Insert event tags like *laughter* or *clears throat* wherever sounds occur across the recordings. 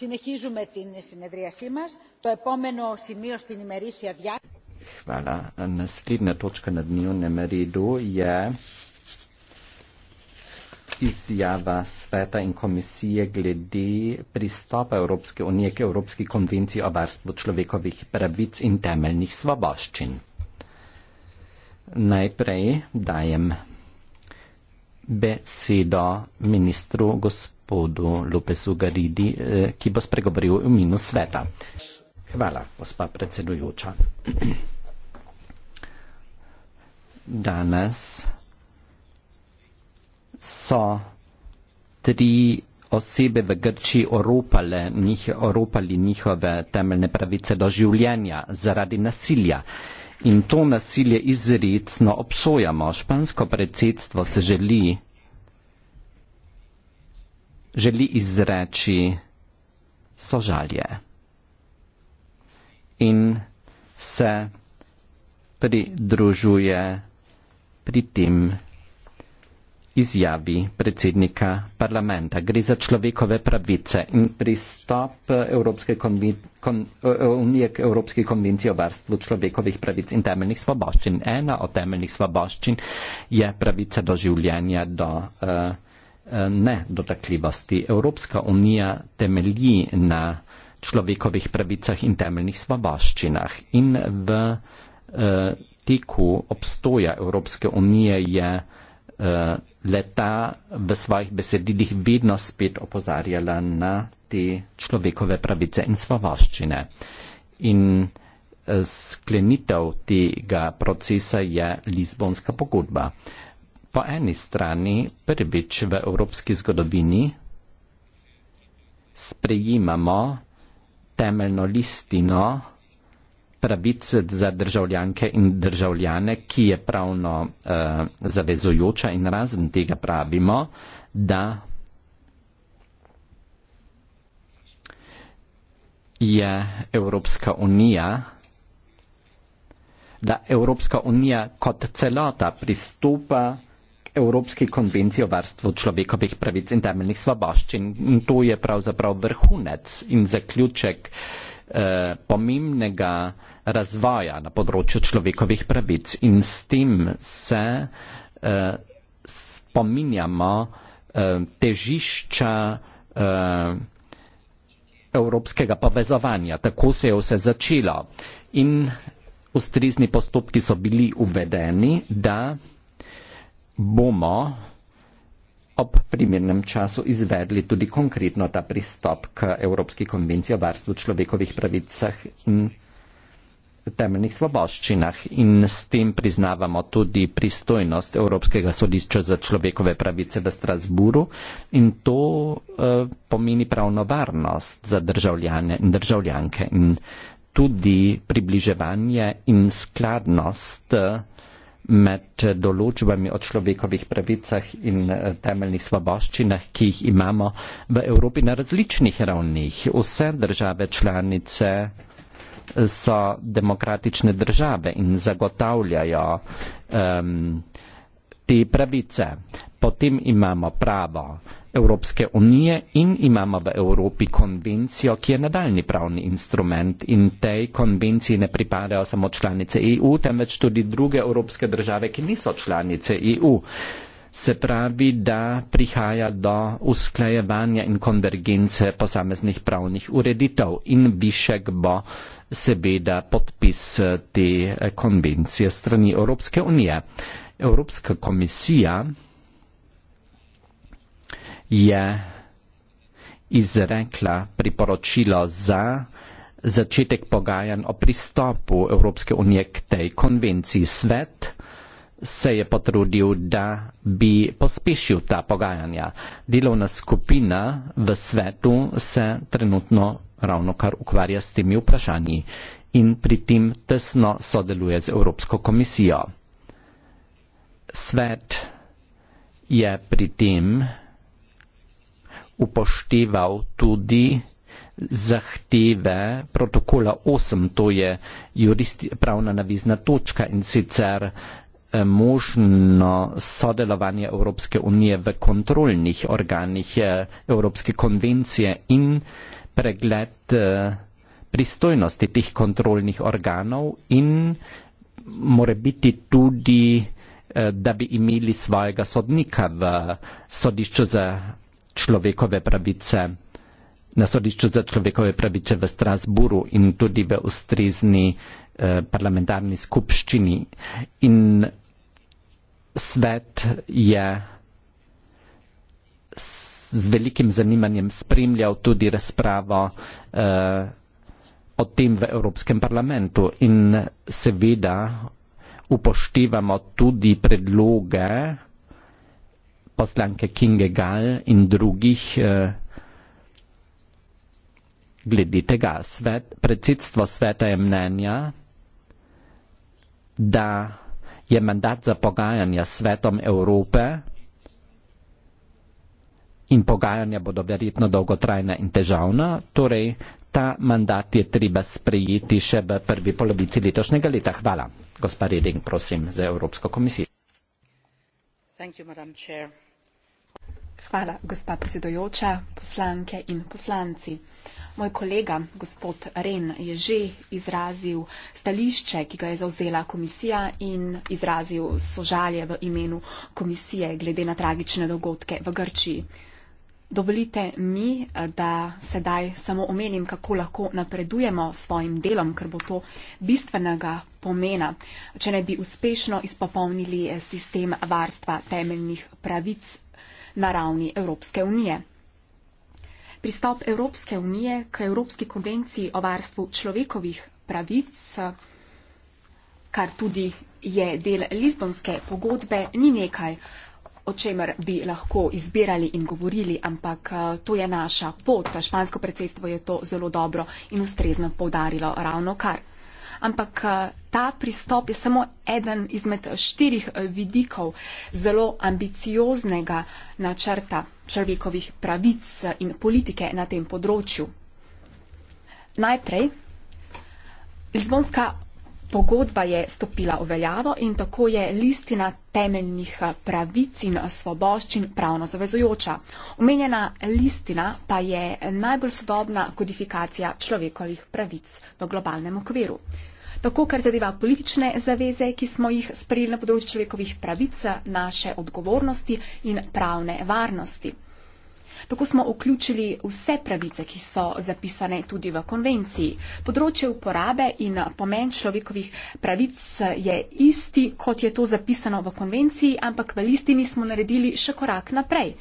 συνεχίζουμε την συνεδρίασή μας. Το επόμενο σημείο στην ημερήσια διάρκεια... Izjava sveta in komisije glede pristopa Evropske unije k Evropski konvenciji o varstvu človekovih pravic in temeljnih svoboščin. Najprej dajem besedo ministru gospodu Lopesu Garidi, eh, ki bo spregovoril v imenu sveta. Hvala, gospa predsedujoča. *clears throat* Danes so tri osebe v Grči oropale, njih, oropali njihove temeljne pravice do življenja zaradi nasilja in to nasilje izredno obsojamo. Špansko predsedstvo se želi, želi izreči sožalje in se pridružuje pri tem izjavi predsednika parlamenta. Gre za človekove pravice in pristop eh, Evropske eh, eh, unije k Evropski konvenciji o varstvu človekovih pravic in temeljnih svoboščin. Ena od temeljnih svoboščin je pravica do življenja, do uh, nedotakljivosti. Evropska unija temelji na človekovih pravicah in temeljnih svoboščinah in v uh, teku obstoja Evropske unije je uh, Eh, leta v svojih besedilih vedno spet opozarjala na te človekove pravice in svoboščine. In eh, sklenitev tega procesa je Lizbonska pogodba. Po eni strani prvič v evropski zgodovini sprejemamo temeljno listino pravic za državljanke in državljane, ki je pravno eh, zavezujoča in razen tega pravimo, da je Evropska unija, da Evropska unija kot celota pristopa Evropski konvenciji o varstvu človekovih pravic in temeljnih svoboščin. In to je pravzaprav vrhunec in zaključek eh, Eh, pomembnega razvoja na področju človekovih pravic in s tem se eh, spominjamo eh, težišča evropskega povezovanja. Tako se je vse začelo in ustrezni postopki so bili uvedeni, da bomo ob primernem času izvedli tudi konkretno ta pristop k Evropski konvenciji o varstvu človekovih pravicah in temeljnih svoboščinah in s tem priznavamo tudi pristojnost Evropskega sodišča za človekove pravice v Strasburu in to eh, pomeni pravno varnost za državljane in državljanke in tudi približevanje in skladnost eh, med določbami o človekovih pravicah in eh, temeljnih svoboščinah, ki jih imamo v Evropi na različnih ravnih. Vse države članice eh, so demokratične države in zagotavljajo um, te pravice. Potem imamo pravo Evropske unije in imamo v Evropi konvencijo, ki je nadaljni pravni instrument in tej konvenciji ne pripadajo samo članice EU, temveč tudi druge evropske države, ki niso članice EU. Se pravi, da prihaja do usklajevanja in konvergence posameznih pravnih ureditev in višek bo seveda podpis te konvencije strani Evropske unije. Evropska komisija je izrekla priporočilo za začetek pogajanj o pristopu Evropske unije k tej konvenciji. Svet se je potrudil, da bi pospešil ta pogajanja. Delovna skupina v svetu se trenutno ravno kar ukvarja s temi vprašanji in pri tem tesno sodeluje z Evropsko komisijo svet je pri tem upošteval tudi zahteve protokola 8, to je juristi, pravna navizna točka in sicer eh, možno sodelovanje Evropske unije v kontrolnih organih eh, Evropske konvencije in pregled eh, pristojnosti teh kontrolnih organov in more biti tudi Eh, da bi imeli svojega sodnika v sodišču za človekove pravice, na sodišču za človekove pravice v Strasburu in tudi v ustrezni eh, parlamentarni skupščini. In svet je z velikim zanimanjem spremljal tudi razpravo eh, o tem v Evropskem parlamentu in seveda upoštevamo tudi predloge poslanke Kinge Gal in drugih eh, glede tega. Svet, predsedstvo sveta je mnenja, da je mandat za pogajanja s svetom Evrope in pogajanja bodo verjetno dolgotrajna in težavna, torej ta mandat je treba sprejeti še v prvi polovici letošnjega leta. Hvala. Gospa Reding, prosim, za Evropsko komisijo. Hvala, gospa predsedojoča, poslanke in poslanci. Moj kolega, gospod Ren, je že izrazil stališče, ki ga je zauzela komisija in izrazil sožalje v imenu komisije glede na tragične dogodke v Grčiji. Dovolite mi, da sedaj samo omenim, kako lahko napredujemo s svojim delom, ker bo to bistvenega pomena, če ne bi uspešno izpopolnili sistem varstva temeljnih pravic na ravni Evropske unije. Pristop Evropske unije k Evropski konvenciji o varstvu človekovih pravic, kar tudi je del Lizbonske pogodbe, ni nekaj, kar o čemer bi lahko izbirali in govorili, ampak eh, to je naša pot. Eh, špansko predsedstvo je to zelo dobro in ustrezno povdarilo ravno kar. Ampak eh, ta pristop je samo eden izmed štirih vidikov zelo ambicioznega načrta človekovih pravic in politike na tem področju. Najprej, Lizbonska Pogodba je stopila v veljavo in tako je listina temeljnih pravic in svoboščin pravno zavezujoča. Omenjena listina pa je najbolj sodobna kodifikacija človekovih pravic v globalnem okviru. Tako, kar zadeva politične zaveze, ki smo jih sprejeli na področju človekovih pravic, naše odgovornosti in pravne varnosti. Tako smo vključili vse pravice, ki so zapisane tudi v konvenciji. Področje uporabe in pomen človekovih pravic je isti, kot je to zapisano v konvenciji, ampak v listini smo naredili še korak naprej.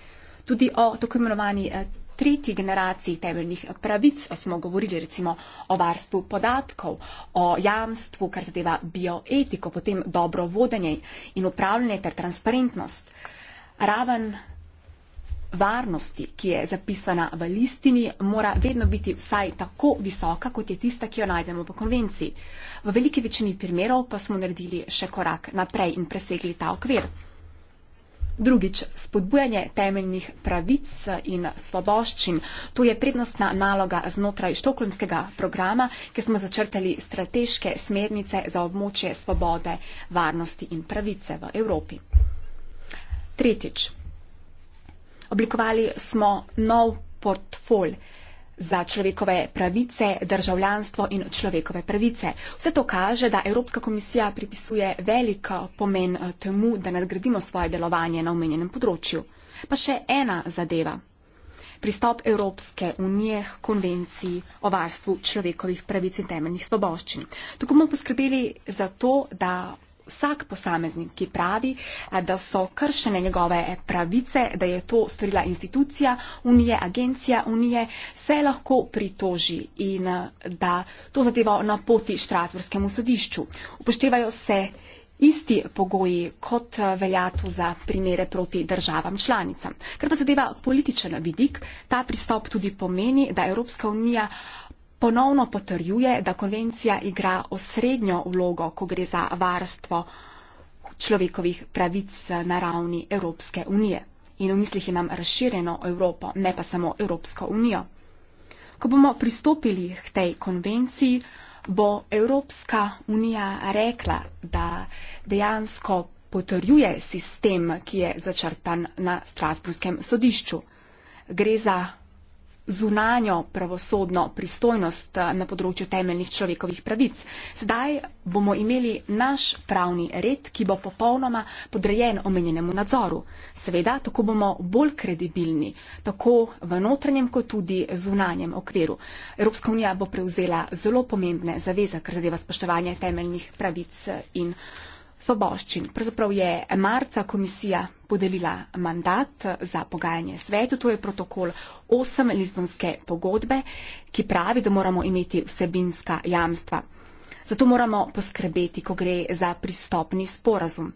Tudi o tako imenovani eh, tretji generaciji temeljnih pravic smo govorili recimo o varstvu podatkov, o jamstvu, kar zadeva bioetiko, potem dobro vodenje in upravljanje ter transparentnost. Raven varnosti, ki je zapisana v listini, mora vedno biti vsaj tako visoka, kot je tista, ki jo najdemo v konvenciji. V veliki večini primerov pa smo naredili še korak naprej in presegli ta okvir. Drugič, spodbujanje temeljnih pravic in svoboščin. To je prednostna naloga znotraj štokholmskega programa, ki smo začrtali strateške smernice za območje svobode, varnosti in pravice v Evropi. Tretjič, Oblikovali smo nov portfolj za človekove pravice, državljanstvo in človekove pravice. Vse to kaže, da Evropska komisija pripisuje veliko pomen eh, temu, da nadgradimo svoje delovanje na omenjenem področju. Pa še ena zadeva. Pristop Evropske unije k konvenciji o varstvu človekovih pravic in temeljnih svoboščin. Tukaj bomo poskrbeli za to, da vsak posameznik, ki pravi, eh, da so kršene njegove pravice, da je to storila institucija Unije, agencija Unije, se lahko pritoži in eh, da to zadevo na poti Štrasburskemu sodišču. Upoštevajo se isti pogoji kot eh, veljato za primere proti državam članicam. Ker pa zadeva političen vidik, ta pristop tudi pomeni, da Evropska unija ponovno potrjuje, da konvencija igra osrednjo vlogo, ko gre za varstvo človekovih pravic na ravni Evropske unije. In v mislih imam razširjeno Evropo, ne pa samo Evropsko unijo. Ko bomo pristopili k tej konvenciji, bo Evropska unija rekla, da dejansko potrjuje sistem, ki je začrtan na Strasburskem sodišču. Gre za zunanjo pravosodno pristojnost eh, na področju temeljnih človekovih pravic. Sedaj bomo imeli naš pravni red, ki bo popolnoma podrejen omenjenemu nadzoru. Seveda, tako bomo bolj kredibilni, tako v notranjem, kot tudi zunanjem okviru. Evropska unija bo prevzela zelo pomembne zaveze, kar zadeva spoštovanje temeljnih pravic eh, in svoboščin. Pravzaprav je marca komisija podelila mandat za pogajanje svetu, to je protokol 8 Lizbonske pogodbe, ki pravi, da moramo imeti vsebinska jamstva. Zato moramo poskrbeti, ko gre za pristopni sporazum.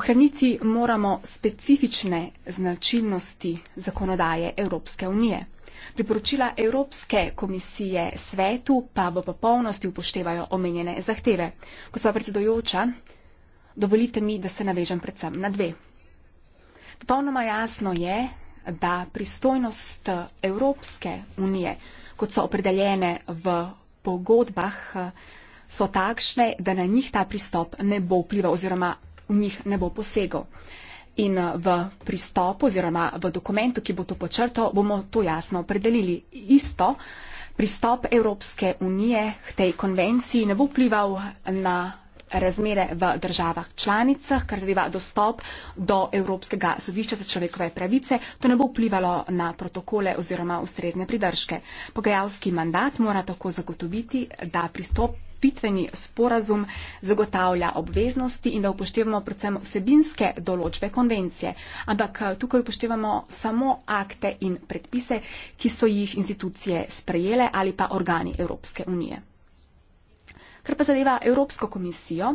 Ohraniti moramo specifične značilnosti zakonodaje Evropske unije. Priporočila Evropske komisije svetu pa v popolnosti upoštevajo omenjene zahteve. Gospa predsedojoča, dovolite mi, da se navežem predvsem na dve. Popolnoma jasno je, da pristojnost Evropske unije, kot so opredeljene v pogodbah, so takšne, da na njih ta pristop ne bo vplival oziroma v njih ne bo posegal. In eh, v pristopu oziroma v dokumentu, ki bo to počrto, bomo to jasno opredelili. Isto, pristop Evropske unije k tej konvenciji ne bo vplival na razmere v državah članicah, kar zadeva dostop do Evropskega sodišča za človekove pravice, to ne bo vplivalo na protokole oziroma ustrezne pridržke. Pogajalski mandat mora tako zagotoviti, da pristop okrepitveni sporazum zagotavlja obveznosti in da upoštevamo predvsem vsebinske določbe konvencije. Ampak eh, tukaj upoštevamo samo akte in predpise, ki so jih institucije sprejele ali pa organi Evropske unije. Kar pa zadeva Evropsko komisijo,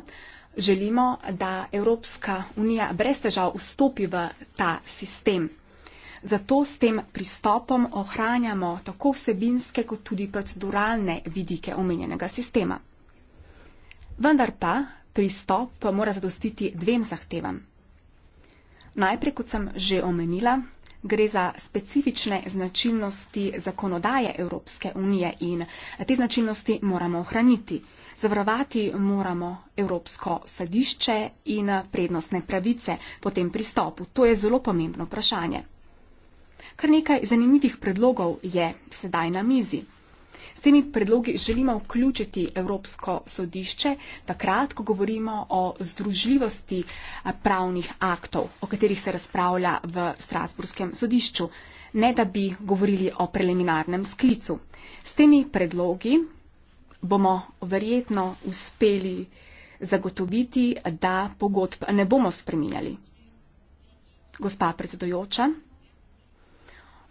želimo, da Evropska unija brez težav vstopi v ta sistem. Zato s tem pristopom ohranjamo tako vsebinske kot tudi proceduralne vidike omenjenega sistema. Vendar pa pristop pa mora zadostiti dvem zahtevam. Najprej, kot sem že omenila, gre za specifične značilnosti zakonodaje Evropske unije in te značilnosti moramo ohraniti. Zavarovati moramo Evropsko sadišče in prednostne pravice po tem pristopu. To je zelo pomembno vprašanje. Kar nekaj zanimivih predlogov je sedaj na mizi temi predlogi želimo vključiti Evropsko sodišče, takrat, ko govorimo o združljivosti eh, pravnih aktov, o katerih se razpravlja v Strasburskem sodišču, ne da bi govorili o preliminarnem sklicu. S temi predlogi bomo verjetno uspeli zagotoviti, da pogodb ne bomo spreminjali. Gospa predsedojoča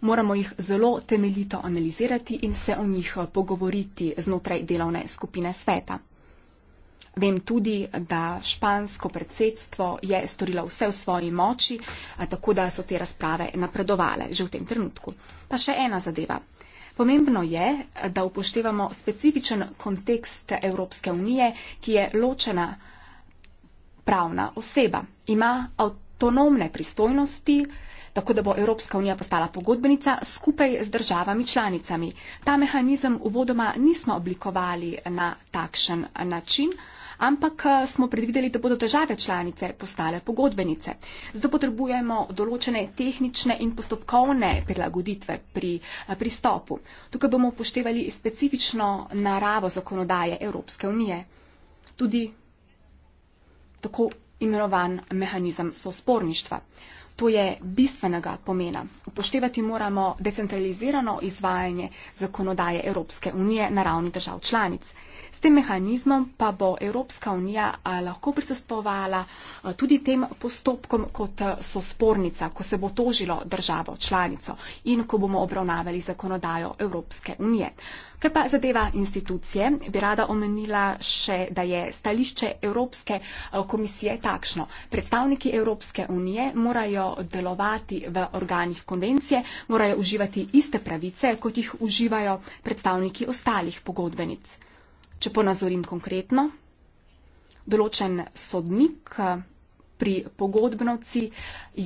moramo jih zelo temeljito analizirati in se o njih pogovoriti znotraj delovne skupine sveta. Vem tudi, da špansko predsedstvo je storilo vse v svoji moči, tako da so te razprave napredovale že v tem trenutku. Pa še ena zadeva. Pomembno je, da upoštevamo specifičen kontekst Evropske unije, ki je ločena pravna oseba. Ima avtonomne pristojnosti, tako da bo Evropska unija postala pogodbenica skupaj z državami članicami. Ta mehanizem uvodoma nismo oblikovali na takšen način. Ampak eh, smo predvideli, da bodo države članice postale pogodbenice. Zato potrebujemo določene tehnične in postopkovne prilagoditve pri eh, pristopu. Tukaj bomo upoštevali specifično naravo zakonodaje Evropske unije, tudi tako imenovan mehanizem sosporništva. To je bistvenega pomena. Upoštevati moramo decentralizirano izvajanje zakonodaje Evropske unije na ravni držav članic. S tem mehanizmom pa bo Evropska unija lahko prisospovala tudi tem postopkom kot so spornica, ko se bo tožilo državo članico in ko bomo obravnavali zakonodajo Evropske unije. Kaj pa zadeva institucije, bi rada omenila še, da je stališče Evropske komisije takšno. Predstavniki Evropske unije morajo delovati v organih konvencije, morajo uživati iste pravice, kot jih uživajo predstavniki ostalih pogodbenic. Če ponazorim konkretno, določen sodnik eh, pri pogodbnovci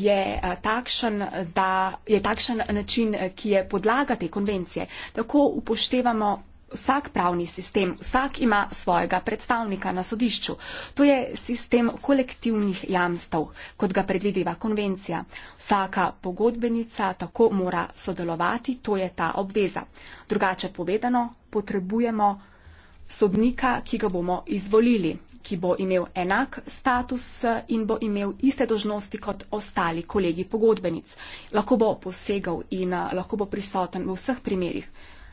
je eh, takšen, da, je takšen način, eh, ki je podlaga te konvencije. Tako upoštevamo vsak pravni sistem, vsak ima svojega predstavnika na sodišču. To je sistem kolektivnih jamstev, kot ga predvideva konvencija. Vsaka pogodbenica tako mora sodelovati, to je ta obveza. Drugače povedano, potrebujemo sodnika, ki ga bomo izvolili, ki bo imel enak status in bo imel iste dožnosti kot ostali kolegi pogodbenic. Lahko bo posegal in eh, lahko bo prisoten v vseh primerjih.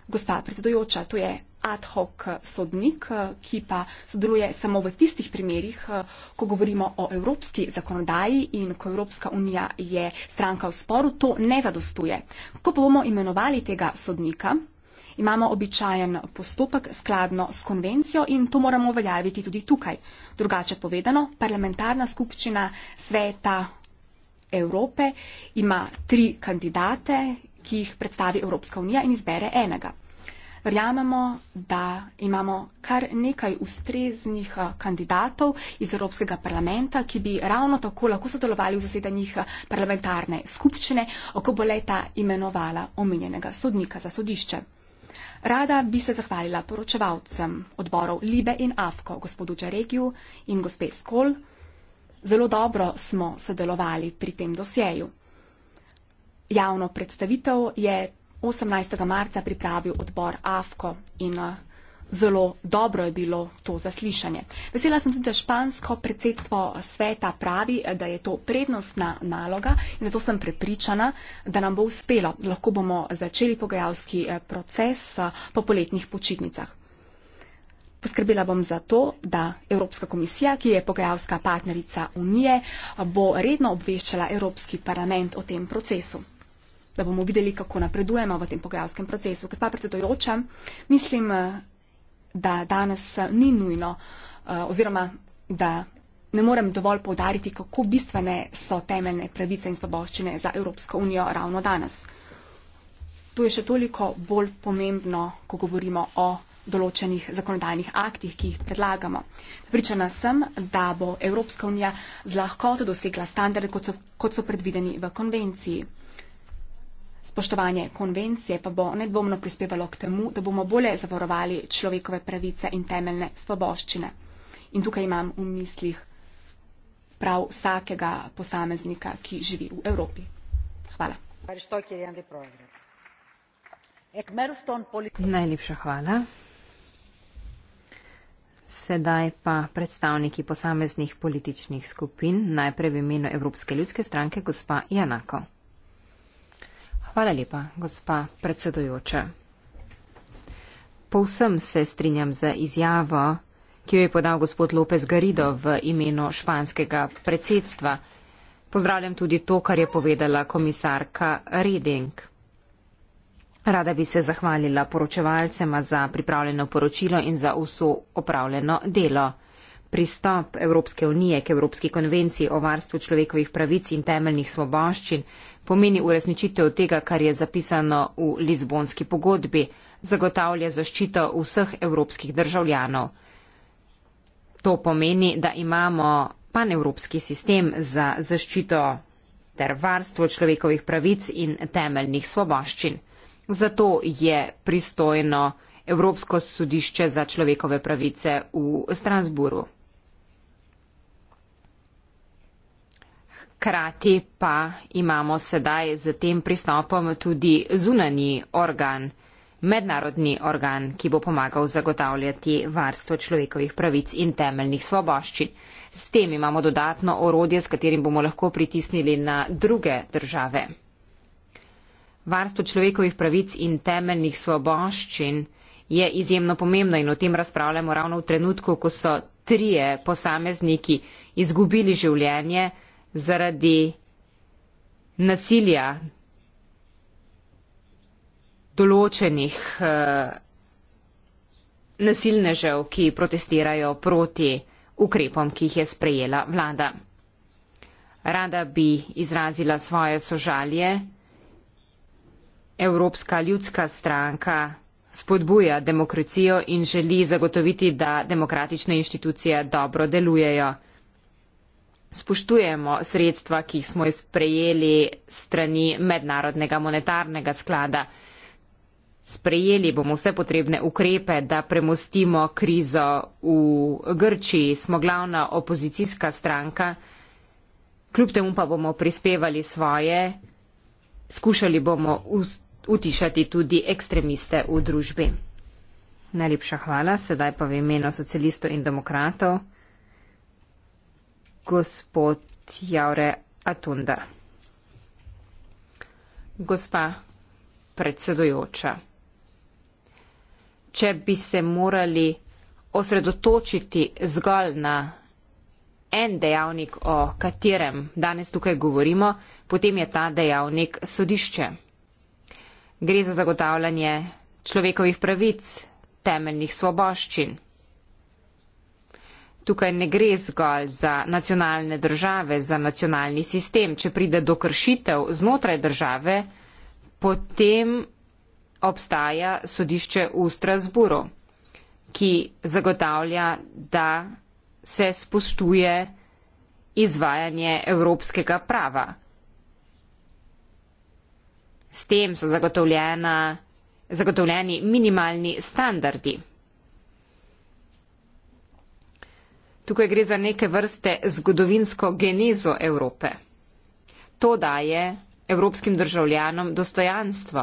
Gospa predsedojoča, to je ad hoc sodnik, eh, ki pa sodeluje samo v tistih primerjih, eh, ko govorimo o evropski zakonodaji in ko Evropska unija je stranka v sporu, to ne zadostuje. Ko bomo imenovali tega sodnika, Imamo običajen postopek skladno s konvencijo in to moramo uveljaviti tudi tukaj. Drugače povedano, parlamentarna skupščina sveta Evrope ima tri kandidate, ki jih predstavi Evropska unija in izbere enega. Verjamemo, da imamo kar nekaj ustreznih eh, kandidatov iz Evropskega parlamenta, ki bi ravno tako lahko sodelovali v zasedanjih eh, parlamentarne skupščine, ko bo leta imenovala omenjenega sodnika za sodišče. Rada bi se zahvalila poročevalcem odborov Libe in Afko, gospodu Čaregiju in gospe Skol. Zelo dobro smo sodelovali pri tem dosjeju. Javno predstavitev je 18. marca pripravil odbor Afko in Zelo dobro je bilo to zaslišanje. Vesela sem tudi, da špansko predsedstvo sveta pravi, da je to prednostna naloga in zato sem prepričana, da nam bo uspelo. Lahko bomo začeli pogajalski eh, proces eh, po poletnih počitnicah. Poskrbela bom za to, da Evropska komisija, ki je pogajalska partnerica Unije, bo redno obveščala Evropski parlament o tem procesu da bomo videli, kako napredujemo v tem pogajalskem procesu. Gospa predsedojoča, mislim, eh, da danes eh, ni nujno eh, oziroma da ne morem dovolj povdariti, kako bistvene so temeljne pravice in sloboščine za Evropsko unijo ravno danes. To je še toliko bolj pomembno, ko govorimo o določenih zakonodajnih aktih, ki jih predlagamo. Pričana sem, da bo Evropska unija z lahkoto dosegla standarde, kot so, kot so predvideni v konvenciji. Spoštovanje konvencije pa bo nedvomno prispevalo k temu, da bomo bolje zavarovali človekove pravice in temeljne svoboščine. In tukaj imam v mislih prav vsakega posameznika, ki živi v Evropi. Hvala. Najlepša hvala. Sedaj pa predstavniki posameznih političnih skupin, najprej v imenu Evropske ljudske stranke, gospa Janako. Hvala lepa, gospa predsedujoča. Povsem se strinjam za izjavo, ki jo je podal gospod López Garido v imenu španskega predsedstva. Pozdravljam tudi to, kar je povedala komisarka Reding. Rada bi se zahvalila poročevalcema za pripravljeno poročilo in za vso opravljeno delo pristop Evropske unije k Evropski konvenciji o varstvu človekovih pravic in temeljnih svoboščin pomeni uresničitev tega, kar je zapisano v Lizbonski pogodbi, zagotavlja zaščito vseh evropskih državljanov. To pomeni, da imamo panevropski sistem za zaščito ter varstvo človekovih pravic in temeljnih svoboščin. Zato je pristojno Evropsko sodišče za človekove pravice v Strasburu. Hkrati pa imamo sedaj z tem pristopom tudi zunani organ, mednarodni organ, ki bo pomagal zagotavljati varstvo človekovih pravic in temeljnih svoboščin. S tem imamo dodatno orodje, s katerim bomo lahko pritisnili na druge države. Varstvo človekovih pravic in temeljnih svoboščin je izjemno pomembno in o tem razpravljamo ravno v trenutku, ko so trije posamezniki izgubili življenje, zaradi nasilja določenih eh, nasilnežev, ki protestirajo proti ukrepom, ki jih je sprejela vlada. Rada bi izrazila svoje sožalje. Evropska ljudska stranka spodbuja demokracijo in želi zagotoviti, da demokratične inštitucije dobro delujejo spoštujemo sredstva, ki smo jih sprejeli strani Mednarodnega monetarnega sklada. Sprejeli bomo vse potrebne ukrepe, da premostimo krizo v Grčiji. Smo glavna opozicijska stranka, kljub temu pa bomo prispevali svoje. Skušali bomo utišati tudi ekstremiste v družbi. Najlepša hvala, sedaj pa v imenu socialistov in demokratov gospod Jaure Atunda. Gospa predsedujoča, če bi se morali osredotočiti zgolj na en dejavnik, o katerem danes tukaj govorimo, potem je ta dejavnik sodišče. Gre za zagotavljanje človekovih pravic, temeljnih svoboščin. Tukaj ne gre zgolj za nacionalne države, za nacionalni sistem. Če pride do kršitev znotraj države, potem obstaja sodišče v Strasburu, ki zagotavlja, da se spoštuje izvajanje evropskega prava. S tem so zagotovljeni minimalni standardi. Tukaj gre za neke vrste zgodovinsko genezo Evrope. To daje evropskim državljanom dostojanstvo.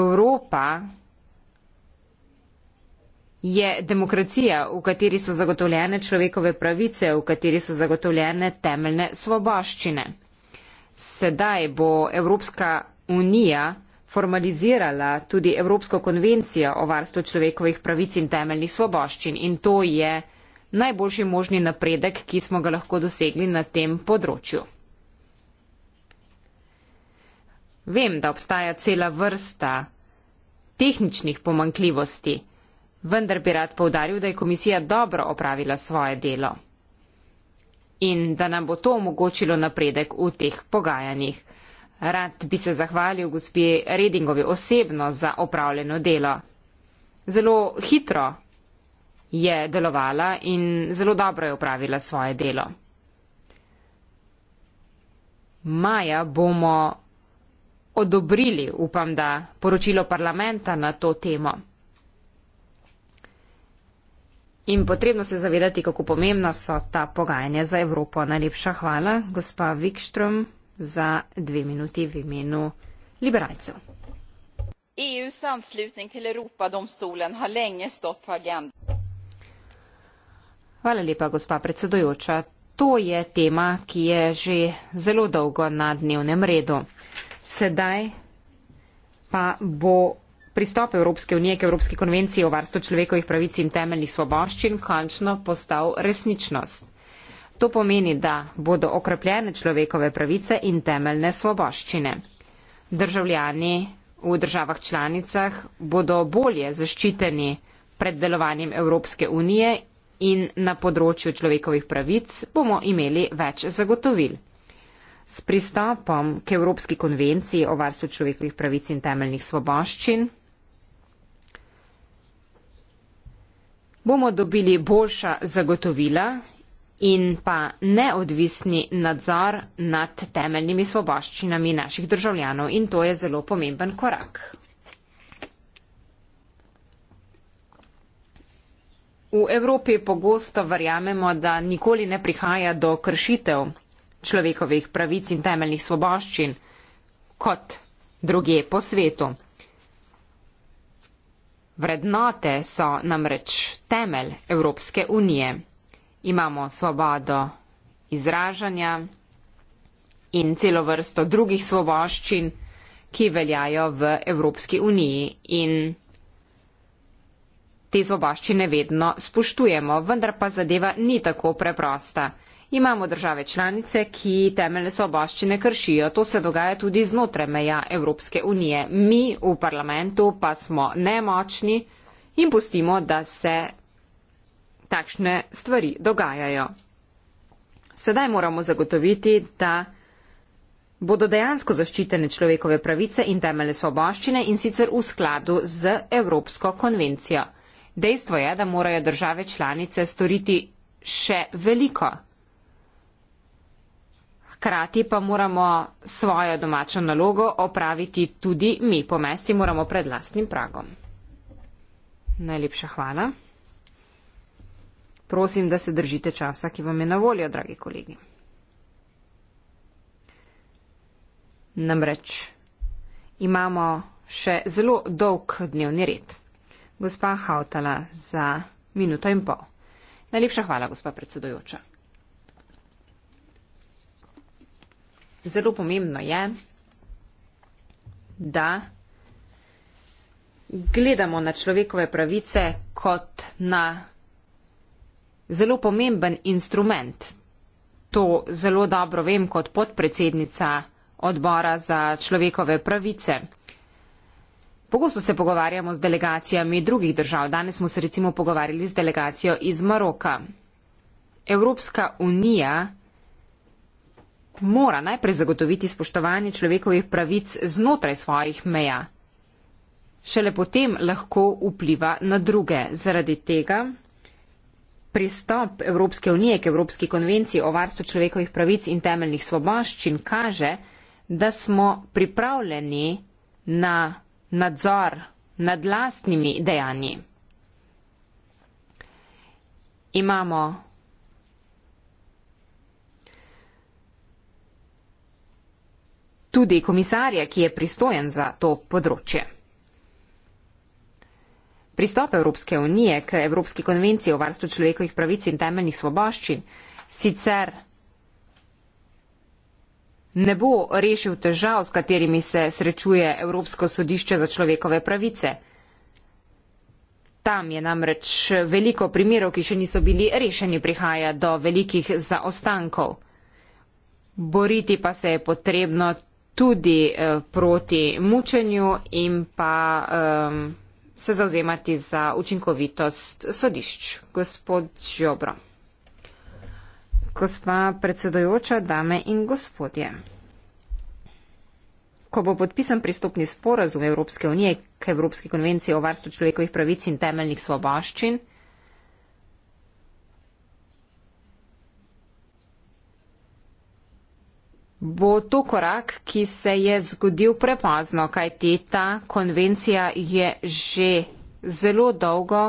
Evropa je demokracija, v kateri so zagotovljene človekove pravice, v kateri so zagotovljene temeljne svoboščine. Sedaj bo Evropska unija formalizirala tudi Evropsko konvencijo o varstvu človekovih pravic in temeljnih svoboščin in to je najboljši možni napredek, ki smo ga lahko dosegli na tem področju. Vem, da obstaja cela vrsta tehničnih pomankljivosti, vendar bi rad povdaril, da je komisija dobro opravila svoje delo in da nam bo to omogočilo napredek v teh pogajanjih. Rad bi se zahvalil gospe Redingovi osebno za opravljeno delo. Zelo hitro je delovala in zelo dobro je opravila svoje delo. Maja bomo odobrili, upam, da poročilo parlamenta na to temo. In potrebno se zavedati, kako pomembna so ta pogajanja za Evropo. Najlepša hvala, gospa Vikström za dve minuti v imenu liberalcev. EU's anslutning till Europadomstolen har länge stått på agendan. Hvala lepa, gospa predsedojoča. To je tema, ki je že zelo dolgo na dnevnem redu. Sedaj pa bo pristop Evropske unije k Evropski konvenciji o varstvu človekovih pravic in temeljnih svoboščin končno postal resničnost. To pomeni, da bodo okrepljene človekove pravice in temeljne svoboščine. Državljani v državah članicah bodo bolje zaščiteni pred delovanjem Evropske unije in na področju človekovih pravic bomo imeli več zagotovil. S pristopom k Evropski konvenciji o varstvu človekovih pravic in temeljnih svoboščin bomo dobili boljša zagotovila in pa neodvisni nadzor nad temeljnimi svoboščinami naših državljanov in to je zelo pomemben korak. V Evropi pogosto verjamemo, da nikoli ne prihaja do kršitev človekovih pravic in temeljnih svoboščin kot druge po svetu. Vrednote so namreč temelj Evropske unije imamo svobodo izražanja in celo vrsto drugih svoboščin, ki veljajo v Evropski uniji. In te svoboščine vedno spoštujemo, vendar pa zadeva ni tako preprosta. Imamo države članice, ki temeljne svoboščine kršijo. To se dogaja tudi znotraj meja Evropske unije. Mi v parlamentu pa smo nemočni in pustimo, da se takšne stvari dogajajo. Sedaj moramo zagotoviti, da bodo dejansko zaščitene človekove pravice in temele svoboščine in sicer v skladu z Evropsko konvencijo. Dejstvo je, da morajo države članice storiti še veliko. Hkrati pa moramo svojo domačo nalogo opraviti tudi mi, pomesti moramo pred lastnim pragom. Najlepša hvala. Prosim, da se držite časa, ki vam je na voljo, dragi kolegi. Namreč imamo še zelo dolg dnevni red. Gospa Hautala za minuto in pol. Najlepša hvala, gospa predsedojoča. Zelo pomembno je, da gledamo na človekove pravice kot na zelo pomemben instrument. To zelo dobro vem kot podpredsednica odbora za človekove pravice. Pogosto se pogovarjamo z delegacijami drugih držav. Danes smo se recimo pogovarjali z delegacijo iz Maroka. Evropska unija mora najprej zagotoviti spoštovanje človekovih pravic znotraj svojih meja. Šele potem lahko vpliva na druge. Zaradi tega pristop Evropske unije k Evropski konvenciji o varstvu človekovih pravic in temeljnih svoboščin kaže, da smo pripravljeni na nadzor nad lastnimi dejanji. Imamo tudi komisarja, ki je pristojen za to področje. Pristop Evropske unije k Evropski konvenciji o varstvu človekovih pravic in temeljnih svoboščin sicer ne bo rešil težav, s katerimi se srečuje Evropsko sodišče za človekove pravice. Tam je namreč veliko primerov, ki še niso bili rešeni, prihaja do velikih zaostankov. Boriti pa se je potrebno tudi eh, proti mučenju in pa um, se zauzemati za učinkovitost sodišč. Gospod Žobro. Gospa predsedojoča, dame in gospodje. Ko bo podpisan pristopni sporazum Evropske unije k Evropski konvenciji o varstvu človekovih pravic in temeljnih svoboščin, bo to korak, ki se je zgodil prepozno, kaj ti ta konvencija je že zelo dolgo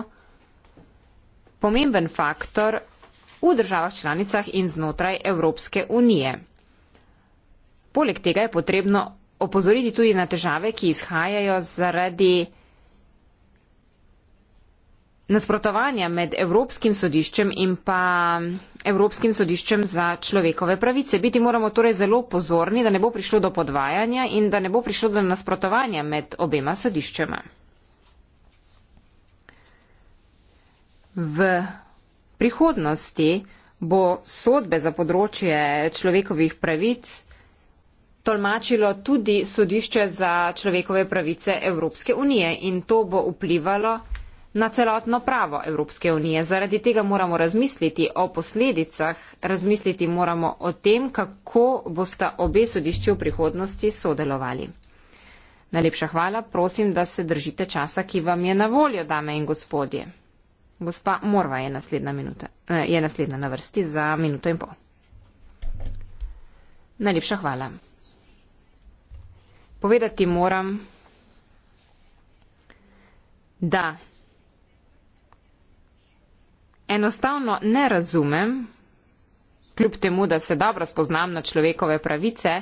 pomemben faktor v državah članicah in znotraj Evropske unije. Poleg tega je potrebno opozoriti tudi na težave, ki izhajajo zaradi nasprotovanja med Evropskim sodiščem in pa Evropskim sodiščem za človekove pravice. Biti moramo torej zelo pozorni, da ne bo prišlo do podvajanja in da ne bo prišlo do nasprotovanja med obema sodiščema. V prihodnosti bo sodbe za področje človekovih pravic tolmačilo tudi sodišče za človekove pravice Evropske unije in to bo vplivalo na celotno pravo Evropske unije. Zaradi tega moramo razmisliti o posledicah, razmisliti moramo o tem, kako bosta obe sodišči v prihodnosti sodelovali. Najlepša hvala, prosim, da se držite časa, ki vam je na voljo, dame in gospodje. Gospa Morva je naslednja, minuta, eh, je naslednja na vrsti za minuto in pol. Najlepša hvala. Povedati moram, da enostavno ne razumem, kljub temu, da se dobro spoznam na človekove pravice,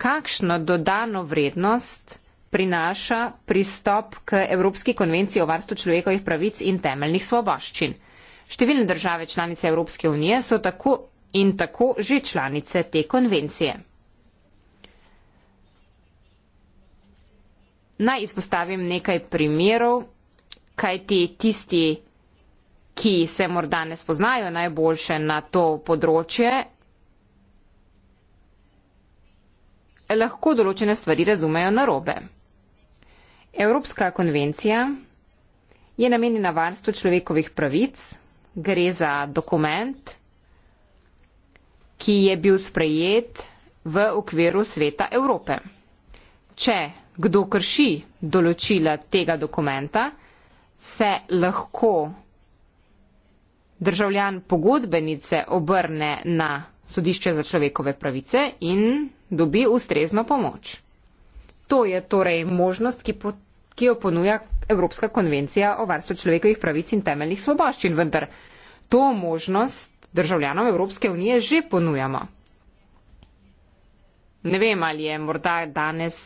kakšno dodano vrednost prinaša pristop k Evropski konvenciji o varstvu človekovih pravic in temeljnih svoboščin. Številne države članice Evropske unije so tako in tako že članice te konvencije. Naj izpostavim nekaj primerov, kajti tisti ki se morda ne spoznajo najboljše na to področje, lahko določene stvari razumejo narobe. Evropska konvencija je namenjena varstvu človekovih pravic, gre za dokument, ki je bil sprejet v okviru sveta Evrope. Če kdo krši določila tega dokumenta, se lahko državljan pogodbenice obrne na sodišče za človekove pravice in dobi ustrezno pomoč. To je torej možnost, ki, po, ki jo ponuja Evropska konvencija o varstvu človekovih pravic in temeljnih svoboščin, vendar to možnost državljanom Evropske unije že ponujamo. Ne vem, ali je morda danes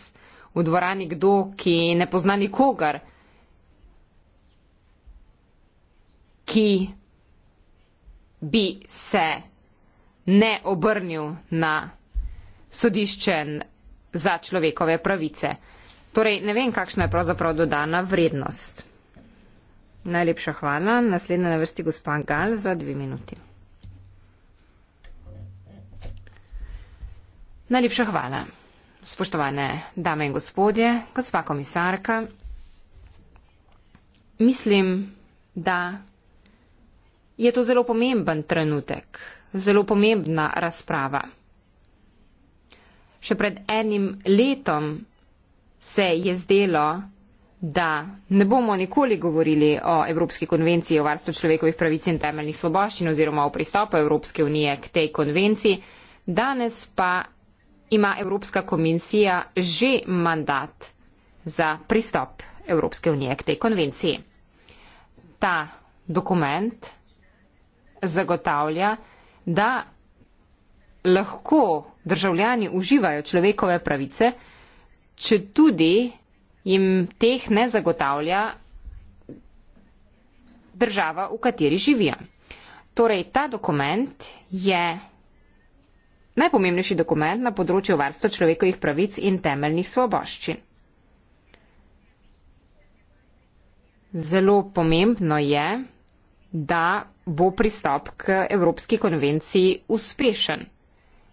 v dvorani kdo, ki ne pozna nikogar, ki bi se ne obrnil na sodišče za človekove pravice. Torej, ne vem, kakšna je pravzaprav dodana vrednost. Najlepša hvala. Naslednja na vrsti gospa Gal za dve minuti. Najlepša hvala. Spoštovane dame in gospodje, gospa komisarka, mislim, da je to zelo pomemben trenutek, zelo pomembna razprava. Še pred enim letom se je zdelo, da ne bomo nikoli govorili o Evropski konvenciji o varstvu človekovih pravic in temeljnih svoboščin oziroma o pristopu Evropske unije k tej konvenciji. Danes pa ima Evropska komisija že mandat za pristop Evropske unije k tej konvenciji. Ta dokument zagotavlja, da lahko državljani uživajo človekove pravice, če tudi jim teh ne zagotavlja država, v kateri živijo. Torej, ta dokument je najpomembnejši dokument na področju varstva človekovih pravic in temeljnih svoboščin. Zelo pomembno je, da bo pristop k Evropski konvenciji uspešen.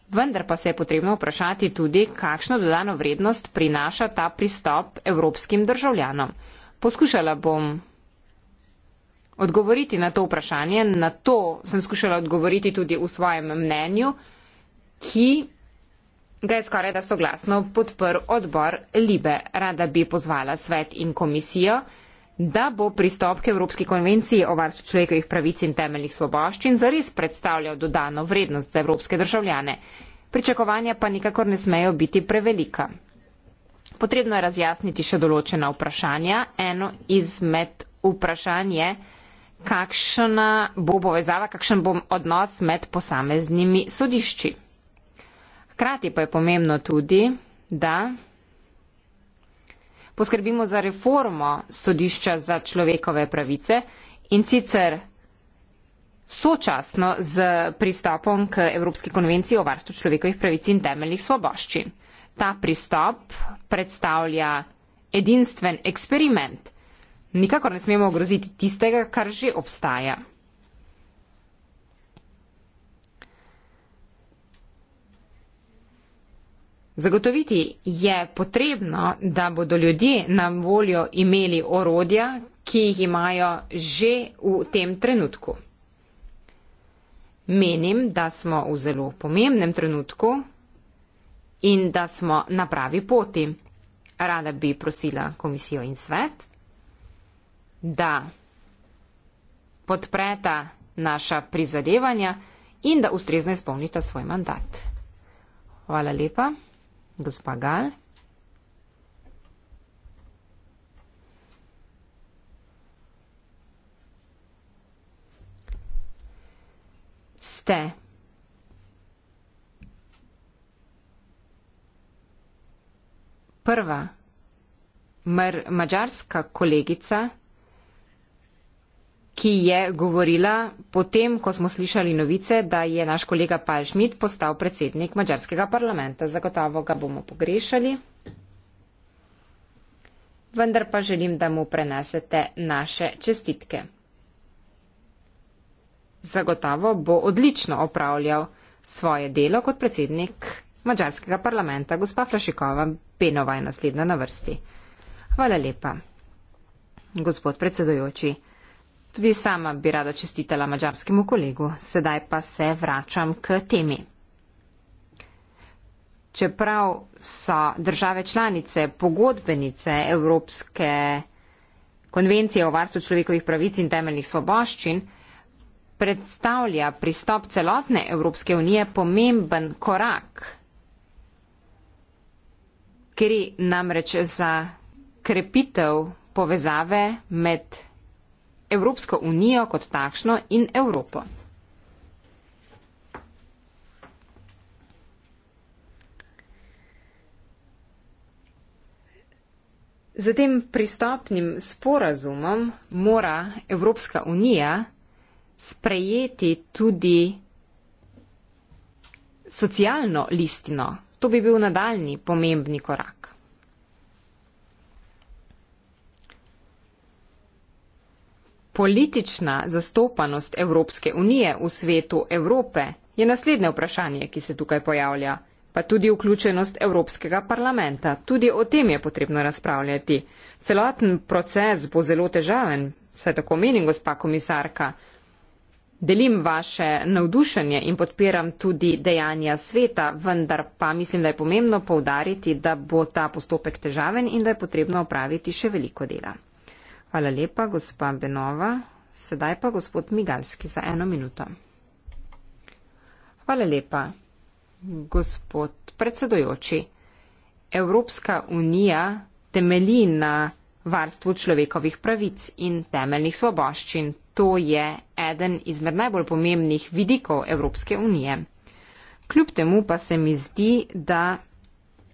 Vendar pa se je potrebno vprašati tudi, kakšno dodano vrednost prinaša ta pristop evropskim državljanom. Poskušala bom odgovoriti na to vprašanje, na to sem skušala odgovoriti tudi v svojem mnenju, ki ga je skoraj da soglasno podprl odbor Libe. Rada bi pozvala svet in komisijo da bo pristop k Evropski konvenciji o varstvu človekovih pravic in temeljnih svoboščin zares predstavljal dodano vrednost za evropske državljane. Pričakovanja pa nikakor ne smejo biti prevelika. Potrebno je razjasniti še določena vprašanja. Eno izmed vprašanj je, kakšna bo povezava, kakšen bo odnos med posameznimi sodišči. Hkrati pa je pomembno tudi, da poskrbimo za reformo sodišča za človekove pravice in sicer sočasno z pristopom k Evropski konvenciji o varstvu človekovih pravic in temeljnih svoboščin. Ta pristop predstavlja edinstven eksperiment. Nikakor ne smemo ogroziti tistega, kar že obstaja. Zagotoviti je potrebno, da bodo ljudje na voljo imeli orodja, ki jih imajo že v tem trenutku. Menim, da smo v zelo pomembnem trenutku in da smo na pravi poti. Rada bi prosila komisijo in svet, da podpreta naša prizadevanja in da ustrezno izpolnita svoj mandat. Hvala lepa gospa Gal. Ste. Prva, mr, mađarska kolegica ki je govorila potem, ko smo slišali novice, da je naš kolega Paj Šmit postal predsednik mađarskega parlamenta. Zagotovo ga bomo pogrešali. Vendar pa želim, da mu prenesete naše čestitke. Zagotovo bo odlično opravljal svoje delo kot predsednik mađarskega parlamenta. Gospa Flašikova Penova je naslednja na vrsti. Hvala lepa, gospod predsedojoči. Tudi sama bi rada čestitala mačarskemu kolegu, sedaj pa se vračam k temi. Čeprav so države članice pogodbenice Evropske konvencije o varstvu človekovih pravic in temeljnih svoboščin, predstavlja pristop celotne Evropske unije pomemben korak, ker je namreč za krepitev povezave med Evropsko unijo kot takšno in Evropo. Za tem pristopnim sporazumom mora Evropska unija sprejeti tudi socialno listino. To bi bil nadaljni pomembni korak. politična zastopanost Evropske unije v svetu Evrope, je naslednje vprašanje, ki se tukaj pojavlja, pa tudi vključenost Evropskega parlamenta. Tudi o tem je potrebno razpravljati. Celoten proces bo zelo težaven, saj tako menim, gospa komisarka. Delim vaše navdušenje in podpiram tudi dejanja sveta, vendar pa mislim, da je pomembno povdariti, da bo ta postopek težaven in da je potrebno opraviti še veliko dela. Hvala lepa, gospa Benova. Sedaj pa gospod Migalski za eno minuto. Hvala lepa, gospod predsedojoči. Evropska unija temelji na varstvu človekovih pravic in temeljnih svoboščin. To je eden izmed najbolj pomembnih vidikov Evropske unije. Kljub temu pa se mi zdi, da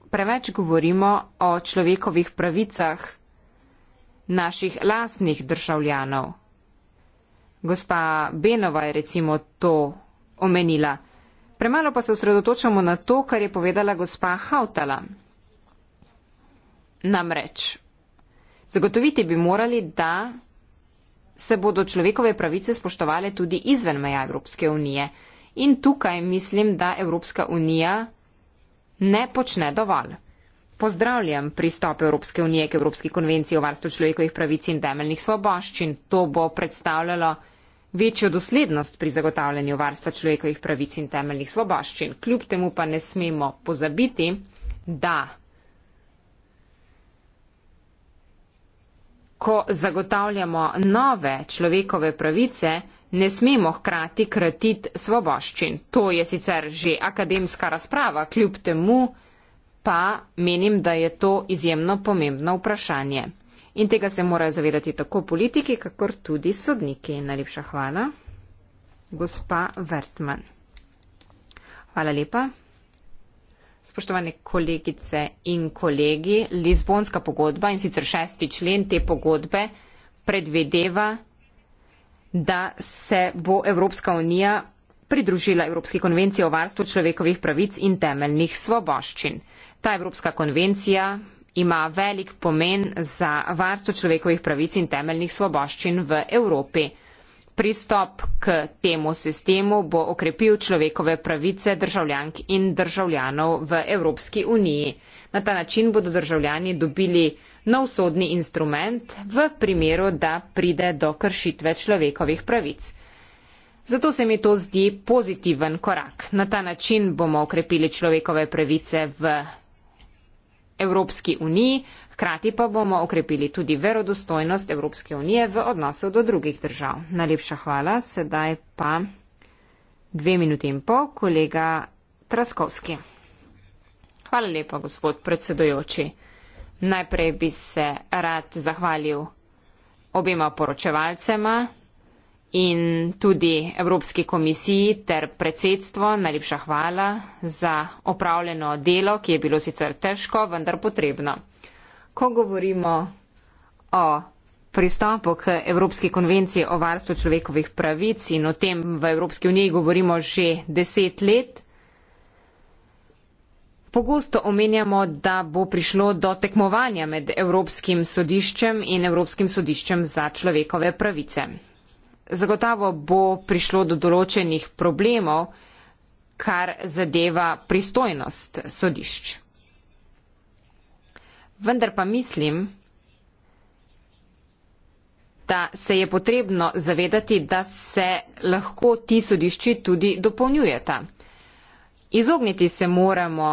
preveč govorimo o človekovih pravicah naših lastnih državljanov. Gospa Benova je recimo to omenila. Premalo pa se osredotočamo na to, kar je povedala gospa Hautala. Namreč, zagotoviti bi morali, da se bodo človekove pravice spoštovale tudi izven meja Evropske unije. In tukaj mislim, da Evropska unija ne počne dovolj pozdravljam pristop Evropske unije k Evropski konvenciji o varstvu človekovih pravic in temeljnih svoboščin. To bo predstavljalo večjo doslednost pri zagotavljanju varstva človekovih pravic in temeljnih svoboščin. Kljub temu pa ne smemo pozabiti, da ko zagotavljamo nove človekove pravice, ne smemo hkrati kratiti svoboščin. To je sicer že akademska razprava, kljub temu, pa menim, da je to izjemno pomembno vprašanje. In tega se morajo zavedati tako politiki, kakor tudi sodniki. Najlepša hvala, gospa Vertman. Hvala lepa. Spoštovane kolegice in kolegi, Lizbonska pogodba in sicer šesti člen te pogodbe predvedeva, da se bo Evropska unija pridružila Evropski konvenciji o varstvu človekovih pravic in temeljnih svoboščin. Ta Evropska konvencija ima velik pomen za varstvo človekovih pravic in temeljnih svoboščin v Evropi. Pristop k temu sistemu bo okrepil človekove pravice državljank in državljanov v Evropski uniji. Na ta način bodo državljani dobili nov sodni instrument v primeru, da pride do kršitve človekovih pravic. Zato se mi to zdi pozitiven korak. Na ta način bomo okrepili človekove pravice v Evropski uniji, hkrati pa bomo okrepili tudi verodostojnost Evropske unije v odnosu do drugih držav. Najlepša hvala, sedaj pa dve minuti in pol, kolega Traskovski. Hvala lepa, gospod predsedojoči. Najprej bi se rad zahvalil obima poročevalcema in tudi Evropski komisiji ter predsedstvo najlepša hvala za opravljeno delo, ki je bilo sicer težko, vendar potrebno. Ko govorimo o pristopu k Evropski konvenciji o varstvu človekovih pravic in o tem v Evropski uniji govorimo že deset let, Pogosto omenjamo, da bo prišlo do tekmovanja med Evropskim sodiščem in Evropskim sodiščem za človekove pravice zagotovo bo prišlo do določenih problemov, kar zadeva pristojnost sodišč. Vendar pa mislim, da se je potrebno zavedati, da se lahko ti sodišči tudi dopolnjujeta. Izogniti se moramo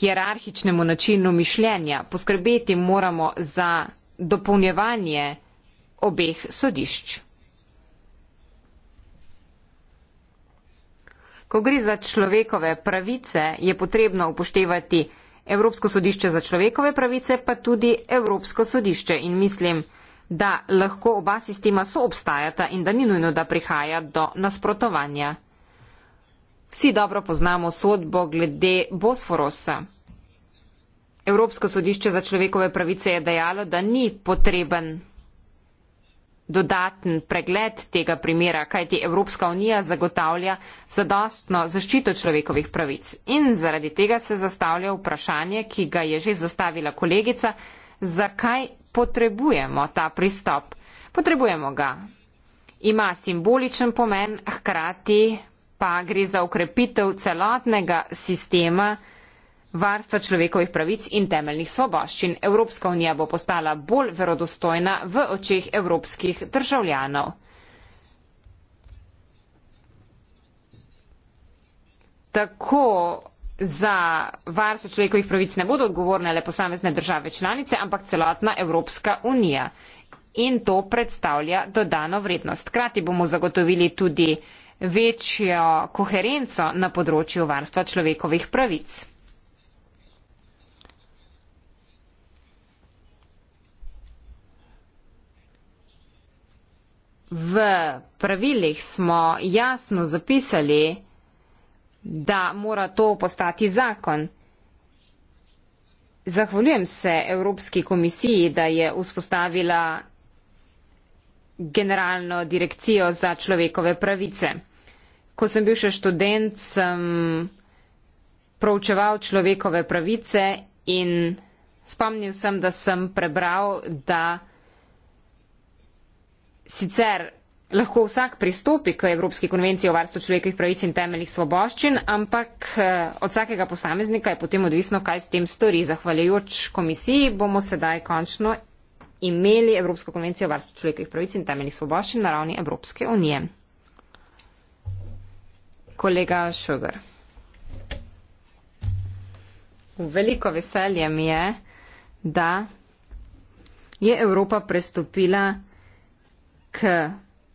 hierarhičnemu načinu mišljenja, poskrbeti moramo za dopolnjevanje obeh sodišč. ko gre za človekove pravice, je potrebno upoštevati Evropsko sodišče za človekove pravice, pa tudi Evropsko sodišče. In mislim, da lahko oba sistema soobstajata in da ni nujno, da prihaja do nasprotovanja. Vsi dobro poznamo sodbo glede Bosforosa. Evropsko sodišče za človekove pravice je dejalo, da ni potreben dodaten pregled tega primera, kajti Evropska unija zagotavlja zadostno zaščito človekovih pravic. In zaradi tega se zastavlja vprašanje, ki ga je že zastavila kolegica, zakaj potrebujemo ta pristop. Potrebujemo ga. Ima simboličen pomen, hkrati pa gre za ukrepitev celotnega sistema, varstva človekovih pravic in temeljnih svoboščin. Evropska unija bo postala bolj verodostojna v očeh evropskih državljanov. Tako za varstvo človekovih pravic ne bodo odgovorne le posamezne države članice, ampak celotna Evropska unija. In to predstavlja dodano vrednost. Krati bomo zagotovili tudi večjo koherenco na področju varstva človekovih pravic. v pravilih smo jasno zapisali, da mora to postati zakon. Zahvaljujem se Evropski komisiji, da je vzpostavila generalno direkcijo za človekove pravice. Ko sem bil še študent, sem proučeval človekove pravice in spomnil sem, da sem prebral, da sicer lahko vsak pristopi k Evropski konvenciji o varstvu človekovih pravic in temeljnih svoboščin, ampak eh, od vsakega posameznika je potem odvisno, kaj s tem stori. Zahvaljujoč komisiji bomo sedaj končno imeli Evropsko konvencijo o varstvu človekovih pravic in temeljnih svoboščin na ravni Evropske unije. Kolega Šugr. Veliko veselje mi je, da je Evropa prestopila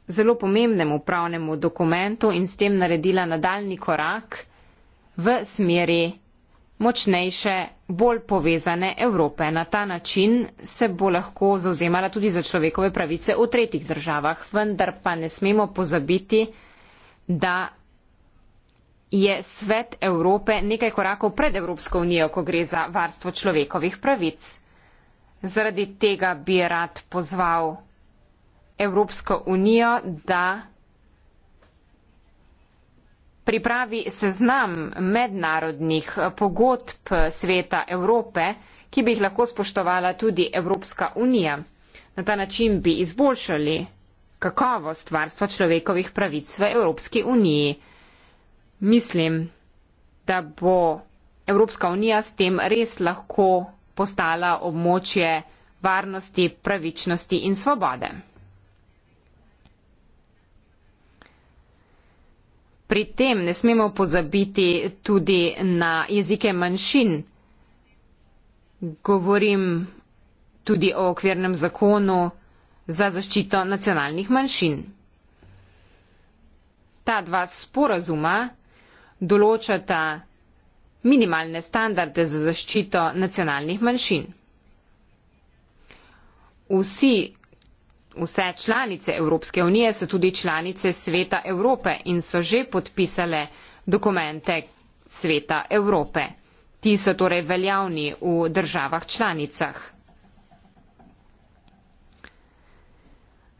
zelo pomembnemu pravnemu dokumentu in s tem naredila nadaljni korak v smeri močnejše, bolj povezane Evrope. Na ta način se bo lahko zauzemala tudi za človekove pravice v tretjih državah, vendar pa ne smemo pozabiti, da je svet Evrope nekaj korakov pred Evropsko unijo, ko gre za varstvo človekovih pravic. Zaradi tega bi rad pozval Evropsko unijo, da pripravi seznam mednarodnih pogodb sveta Evrope, ki bi jih lahko spoštovala tudi Evropska unija. Na ta način bi izboljšali kakovost varstva človekovih pravic v Evropski uniji. Mislim, da bo Evropska unija s tem res lahko postala območje varnosti, pravičnosti in svobode. Pri tem ne smemo pozabiti tudi na jezike manjšin. Govorim tudi o okvirnem zakonu za zaščito nacionalnih manjšin. Ta dva sporazuma določata minimalne standarde za zaščito nacionalnih manjšin. Vsi Vse članice Evropske unije so tudi članice Sveta Evrope in so že podpisale dokumente Sveta Evrope. Ti so torej veljavni v državah članicah.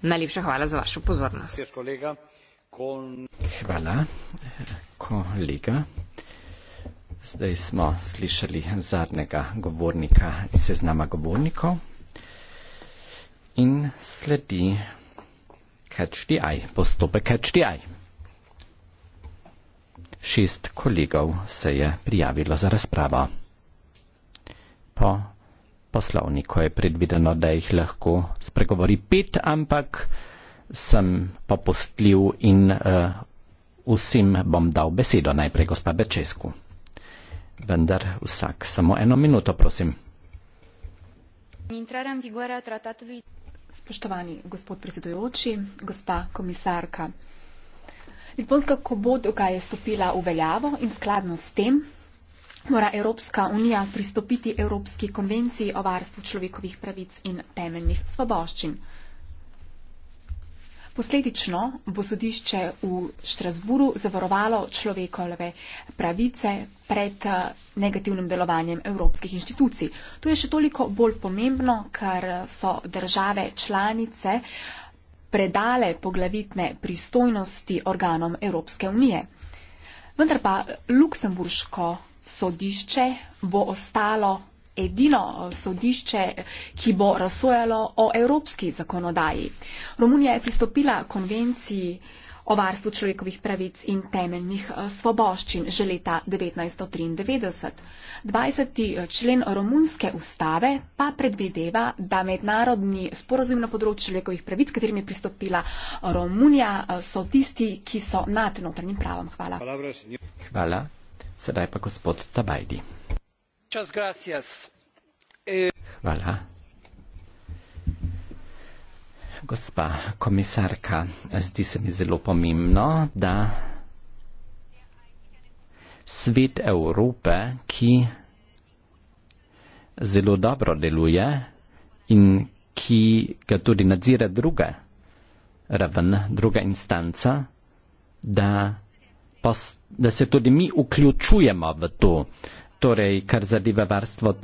Najlepša hvala za vašo pozornost. Hvala, kolega. Zdaj smo slišali zadnjega govornika iz seznama govornikov in sledi catch the eye, postopek catch the eye. Šest kolegov se je prijavilo za razpravo. Po poslovniku je predvideno, da jih lahko spregovori pet, ampak sem popustljiv in uh, eh, vsem bom dal besedo, najprej gospa Bečesku. Vendar vsak samo eno minuto, prosim. Spoštovani gospod predsedujoči, gospa komisarka. Lizbonska pogodba je stopila v veljavo in skladno s tem mora Evropska unija pristopiti Evropski konvenciji o varstvu človekovih pravic in temeljnih svoboščin. Posledično bo sodišče v Štrasburu zavarovalo človekove pravice pred eh, negativnim delovanjem evropskih inštitucij. To je še toliko bolj pomembno, ker so države članice predale poglavitne pristojnosti organom Evropske unije. Vendar pa luksemburško sodišče bo ostalo edino eh, sodišče, ki bo razsojalo o evropski zakonodaji. Romunija je pristopila konvenciji o varstvu človekovih pravic in temeljnih eh, svoboščin že leta 1993. 20. Eh, člen romunske ustave pa predvideva, da mednarodni sporozum na področju človekovih pravic, katerim je pristopila Romunija, so tisti, ki so nad notranjim pravom. Hvala. Hvala. Sedaj pa gospod Tabajdi. Hvala. Gospa komisarka, zdi se mi zelo pomembno, da svet Evrope, ki zelo dobro deluje in ki ga tudi nadzira druga raven, druga instanca, da, pos, da se tudi mi vključujemo v to, torej, kar zadeva varstvo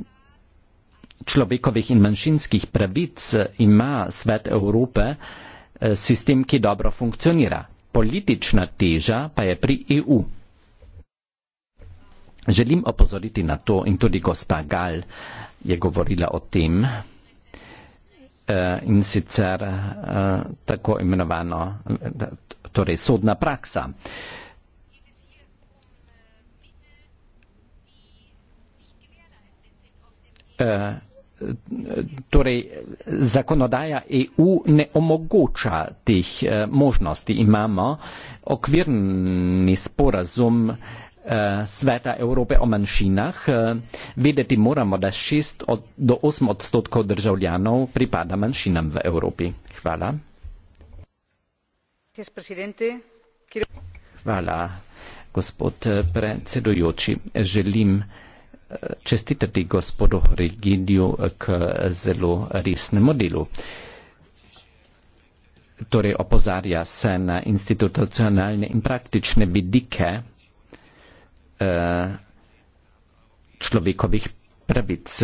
človekovih in manjšinskih pravic, ima svet Evrope eh, sistem, ki dobro funkcionira. Politična teža pa je pri EU. Želim opozoriti na to in tudi gospa Gal je govorila o tem eh, in sicer eh, tako imenovano, torej sodna praksa. Eh, torej zakonodaja EU ne omogoča teh eh, možnosti. Imamo okvirni sporazum eh, Sveta Evrope o manjšinah. Vedeti moramo, da 6 do 8 odstotkov državljanov pripada manjšinam v Evropi. Hvala. Hvala, gospod predsedujoči. Želim čestitati gospodu Rigidiju k zelo resnemu delu. Torej opozarja se na institucionalne in praktične vidike eh, človekovih pravic.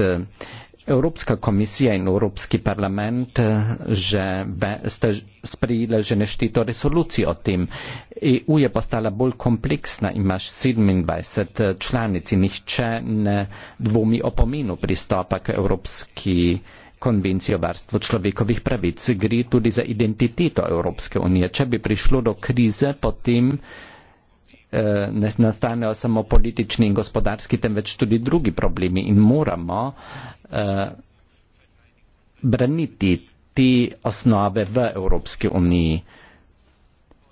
Evropska komisija in Evropski parlament eh, že be, ste sprejeli že nešteto resolucij o tem. EU je postala bolj kompleksna, imaš 27 eh, članic in nihče ne dvomi o pomenu pristopa k Evropski konvenciji o varstvu človekovih pravic. Gre tudi za identiteto Evropske unije. Če bi prišlo do krize, potem. Eh, ne nastanejo samo politični in gospodarski, temveč tudi drugi problemi in moramo eh, braniti te osnove v Evropski uniji.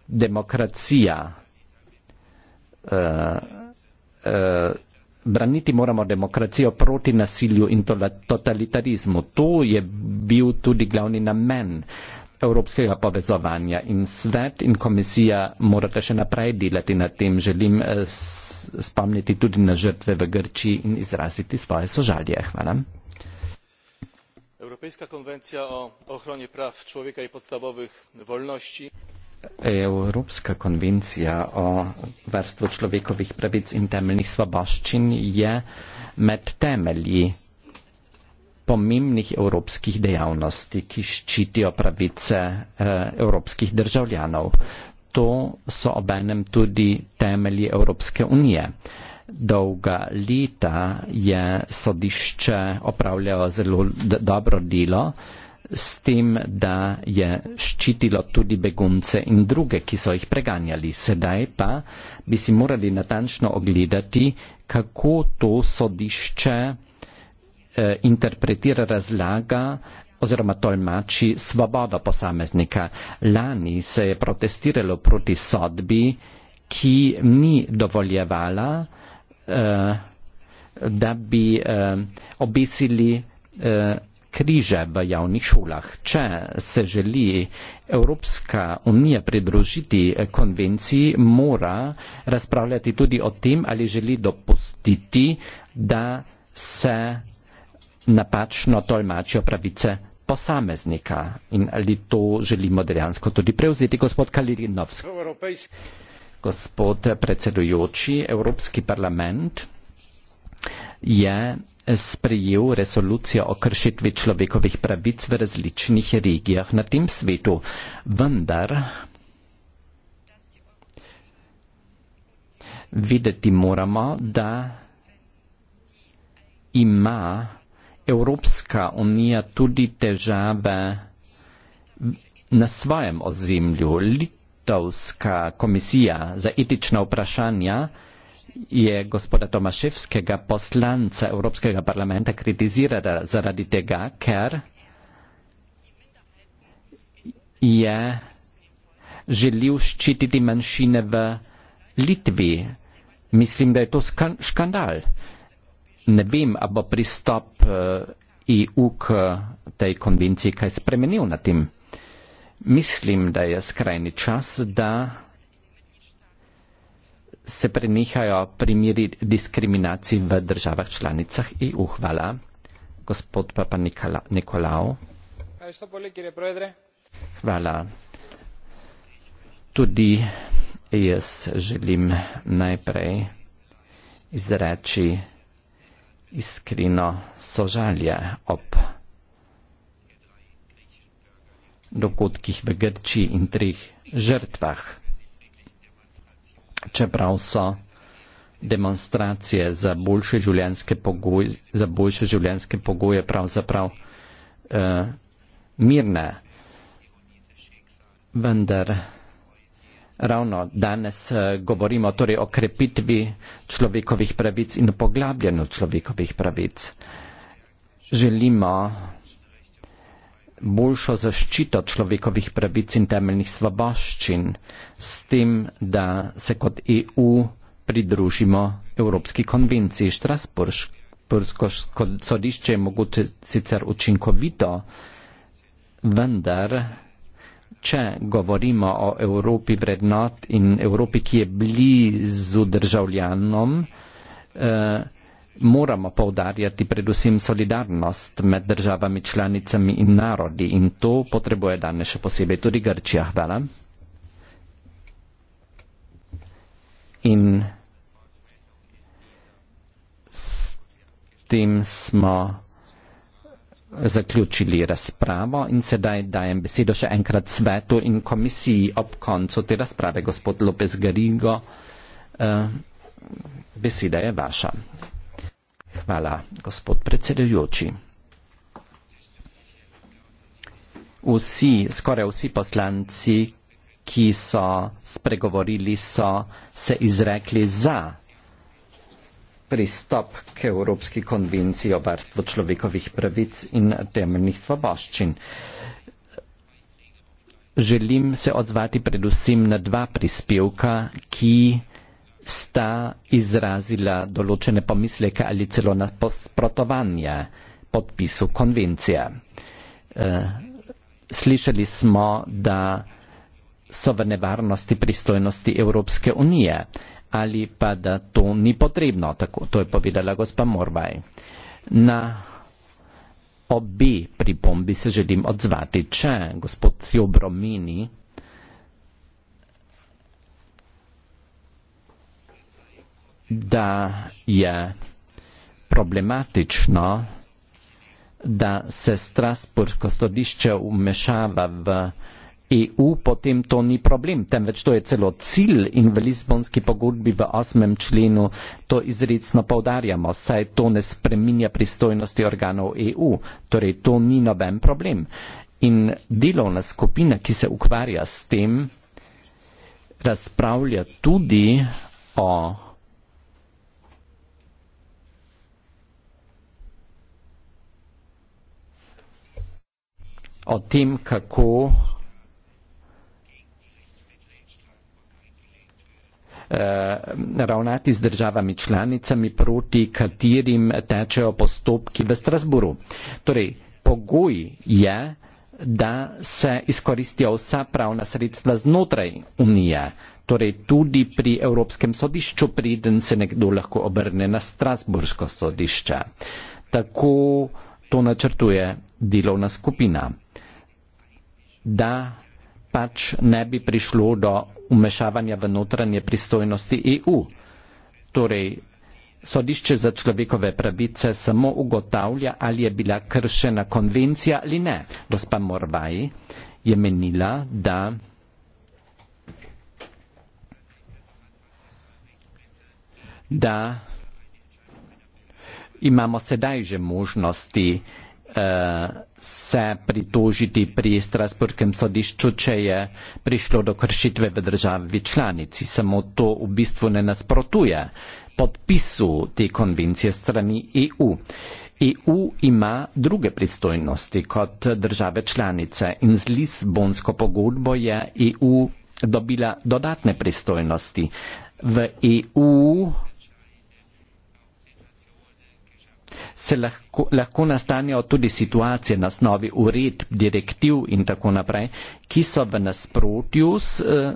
Demokracija. Eh, eh, Braniti moramo demokracijo proti nasilju in totalitarizmu. To je bil tudi glavni namen eh, evropskega povezovanja in svet in komisija morata še naprej delati na tem. Želim eh, spomniti tudi na žrtve v Grčiji in izraziti svoje sožalje. Hvala. Evropska konvencija o ochrani prav človeka in podstavovih voljnosti. Evropska konvencija o varstvu človekovih pravic in temeljnih svoboščin je med temelji pomembnih evropskih dejavnosti, ki ščitijo pravice eh, evropskih državljanov. To so obenem tudi temelji Evropske unije. Dolga leta je sodišče opravljalo zelo dobro delo s tem, da je ščitilo tudi begunce in druge, ki so jih preganjali. Sedaj pa bi si morali natančno ogledati, kako to sodišče Eh, interpretira, razlaga oziroma tolmači svobodo posameznika. Lani se je protestiralo proti sodbi, ki ni dovoljevala, eh, da bi eh, obisili eh, križe v javnih šolah. Če se želi Evropska unija pridružiti eh, konvenciji, mora razpravljati tudi o tem, ali želi dopustiti, da se na pačno tolmačijo pravice posameznika. In ali to želimo dejansko tudi prevzeti, gospod Kalirinovski? Gospod predsedujoči, Evropski parlament je sprejel resolucijo o kršitvi človekovih pravic v različnih regijah na tem svetu. Vendar videti moramo, da ima Evropska unija tudi težave na svojem ozemlju. Litovska komisija za etična vprašanja je gospoda Tomaševskega poslanca Evropskega parlamenta kritizirala zaradi tega, ker je želil ščititi manjšine v Litvi. Mislim, da je to skandal. Ne vem, a bo pristop EU eh, e k tej konvenciji kaj spremenil na tem. Mislim, da je skrajni čas, da se prenehajo primeri diskriminacij v državah članicah EU. Hvala, gospod Papa Nikolao. Hvala. Tudi jaz želim najprej izreči iskreno sožalje ob dogodkih v Grčiji in treh žrtvah. Čeprav so demonstracije za boljše življenjske pogoje, za boljše življenjske pogoje pravzaprav uh, mirne, vendar ravno danes eh, govorimo torej o krepitvi človekovih pravic in poglabljanju človekovih pravic. Želimo boljšo zaščito človekovih pravic in temeljnih svoboščin s tem, da se kot EU pridružimo Evropski konvenciji. Štrasbursko sodišče je mogoče sicer učinkovito, vendar če govorimo o Evropi vrednot in Evropi, ki je blizu državljanom, eh, moramo povdarjati predvsem solidarnost med državami, članicami in narodi in to potrebuje danes še posebej tudi Grčija. Hvala. In s tem smo zaključili razpravo in sedaj dajem besedo še enkrat svetu in komisiji ob koncu te razprave. Gospod Lopez Garigo, eh, beseda je vaša. Hvala, gospod predsedujoči. Vsi, skoraj vsi poslanci, ki so spregovorili, so se izrekli za pristop k Evropski konvenciji o varstvu človekovih pravic in temeljnih svoboščin. Želim se odzvati predvsem na dva prispevka, ki sta izrazila določene pomisleke ali celo nasprotovanja podpisu konvencije. Eh, slišali smo, da so v nevarnosti pristojnosti Evropske unije ali pa da to ni potrebno. Tako, to je povedala gospa Morbaj. Na obi pripombi se želim odzvati. Če gospod Cjobro meni, da je problematično, da se Strasburško stodišče umešava v EU, potem to ni problem, temveč to je celo cilj in v Lizbonski pogodbi v 8. členu to izredno povdarjamo, saj to ne spreminja pristojnosti organov EU, torej to ni noben problem. In delovna skupina, ki se ukvarja s tem, razpravlja tudi o o tem, kako Eh, ravnati z državami članicami, proti katerim tečejo postopki v Strasburu. Torej, pogoj je, da se izkoristijo vsa pravna sredstva znotraj Unije, torej tudi pri Evropskem sodišču, preden se nekdo lahko obrne na Strasbursko sodišče. Tako to načrtuje delovna skupina. Da pač ne bi prišlo do umešavanja v notranje pristojnosti EU. Torej, sodišče za človekove pravice samo ugotavlja, ali je bila kršena konvencija ali ne. Gospa Morbaj je menila, da da imamo sedaj že možnosti, Eh, se pritožiti pri Strasburskem sodišču, če je prišlo do kršitve v državi članici. Samo to v bistvu ne nasprotuje podpisu te konvencije strani EU. EU ima druge pristojnosti kot države članice in z Lisbonsko pogodbo je EU dobila dodatne pristojnosti. V EU se lahko, lahko nastanejo tudi situacije na osnovi uredb, direktiv in tako naprej, ki so v nasprotju s eh,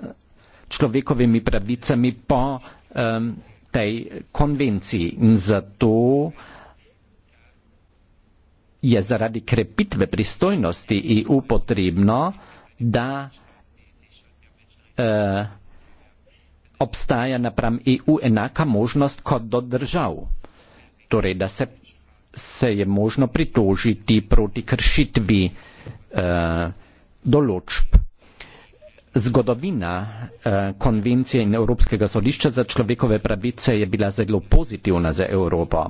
človekovimi pravicami po um, tej konvenciji. In zato je zaradi krepitve pristojnosti EU potrebno, da uh, obstaja napram EU enaka možnost kot do držav. Torej, da se se je možno pritožiti proti kršitvi eh, določb. Zgodovina eh, konvencije in Evropskega sodišča za človekove pravice je bila zelo pozitivna za Evropo.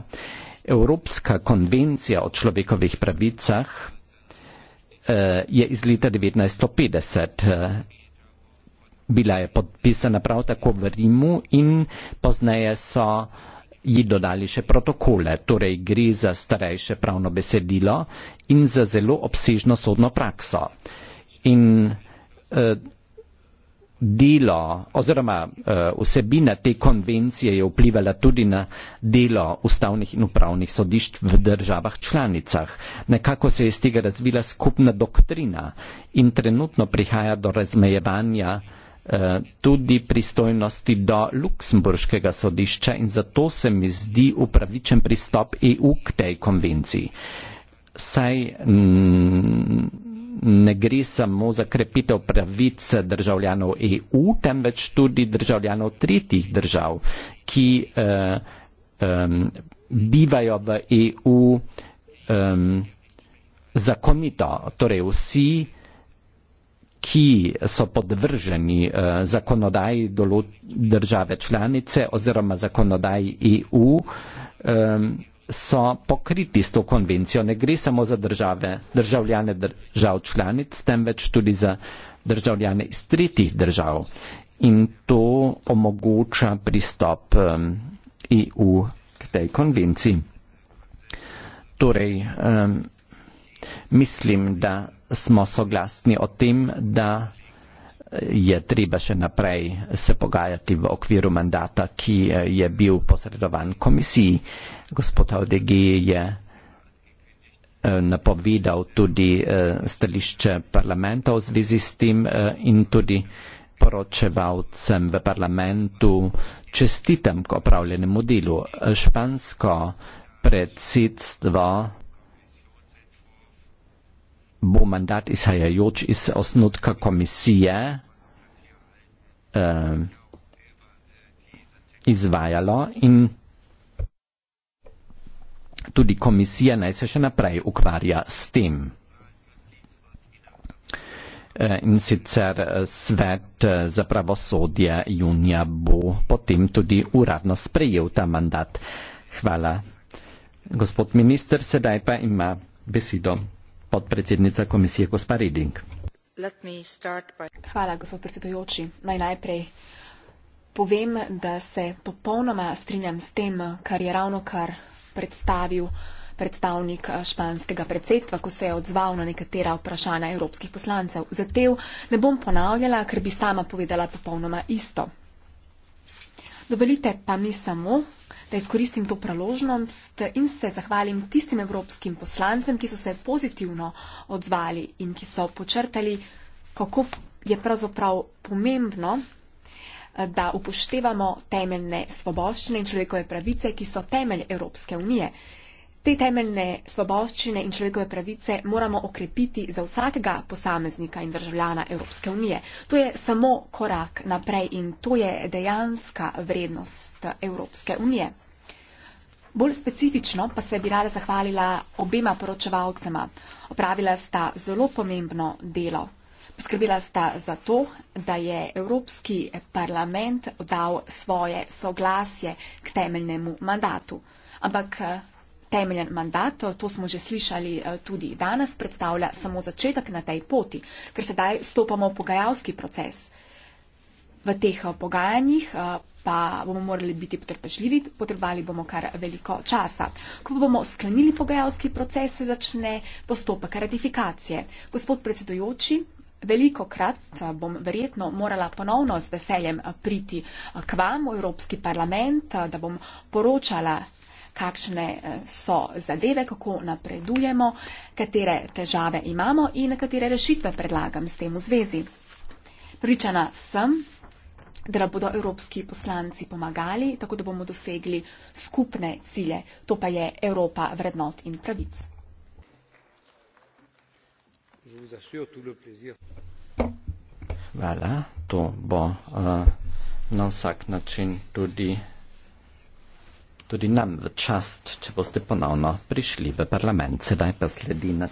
Evropska konvencija o človekovih pravicah eh, je iz leta 1950. Eh, bila je podpisana prav tako v Rimu in pozneje so ji dodali še protokole, torej gre za starejše pravno besedilo in za zelo obsežno sodno prakso. In eh, delo oziroma eh, vsebina te konvencije je vplivala tudi na delo ustavnih in upravnih sodišč v državah članicah. Nekako se je iz tega razvila skupna doktrina in trenutno prihaja do razmejevanja eh, Eh, tudi pristojnosti do Luksemburškega sodišča in zato se mi zdi upravičen pristop EU k tej konvenciji. Saj mm, ne gre samo za krepitev pravic državljanov EU, temveč tudi državljanov tretjih držav, ki eh, eh, bivajo v EU eh, zakonito, torej vsi eh, ki so podvrženi eh, zakonodaji države članice oziroma zakonodaji EU, so pokriti s to konvencijo. Ne gre samo za države, državljane držav članic, temveč tudi za državljane iz tretjih držav. In to omogoča pristop EU e k tej konvenciji. Torej, mislim, da smo soglasni o tem, da je treba še naprej se pogajati v okviru mandata, ki je bil posredovan komisiji. Gospod ODG je eh, napovedal tudi eh, stališče parlamenta v zvezi s tem eh, in tudi poročevalcem v parlamentu čestitam k opravljenemu delu. Špansko predsedstvo bo mandat izhajajoč iz osnutka komisije eh, izvajalo in tudi komisija naj se še naprej ukvarja s tem. Eh, in sicer eh, svet eh, za pravosodje junija bo potem tudi uradno sprejel ta mandat. Hvala. Gospod minister, sedaj pa ima besedo podpredsednica komisije gospa Reding. By... Hvala, gospod predsedujoči. Naj najprej povem, da se popolnoma strinjam s tem, kar je ravno kar predstavil predstavnik eh, španskega predsedstva, ko se je odzval na nekatera vprašanja evropskih poslancev. Zatev ne bom ponavljala, ker bi sama povedala popolnoma isto. Dovolite pa mi samo, da izkoristim to praložnost in se zahvalim tistim evropskim poslancem, ki so se pozitivno odzvali in ki so počrtali, kako je pravzaprav pomembno, eh, da upoštevamo temeljne svoboščine in človekove pravice, ki so temelj Evropske unije. Te temeljne svoboščine in človekove pravice moramo okrepiti za vsakega posameznika in državljana Evropske unije. To je samo korak naprej in to je dejanska vrednost Evropske unije. Bolj specifično pa se bi rada zahvalila obema poročevalcema. Opravila sta zelo pomembno delo. Poskrbila sta za to, da je Evropski parlament dal svoje soglasje k temeljnemu mandatu. Ampak temeljen mandat, to smo že slišali eh, tudi danes, predstavlja samo začetek na tej poti, ker sedaj stopamo v pogajalski proces. V teh eh, pogajanjih eh, pa bomo morali biti potrpežljivi, potrebovali bomo kar veliko časa. Ko bomo sklenili pogajalski proces, se začne postopek ratifikacije. Gospod predsedujoči, veliko krat bom verjetno morala ponovno z veseljem priti k vam v Evropski parlament, da bom poročala kakšne eh, so zadeve, kako napredujemo, katere težave imamo in katere rešitve predlagam s tem v zvezi. Pričana sem, da bodo evropski poslanci pomagali, tako da bomo dosegli skupne cilje. To pa je Evropa vrednot in pravic. Hvala, to bo uh, na vsak način tudi tudi nam v čast, če boste ponovno prišli v parlament. Sedaj pa sledi nas.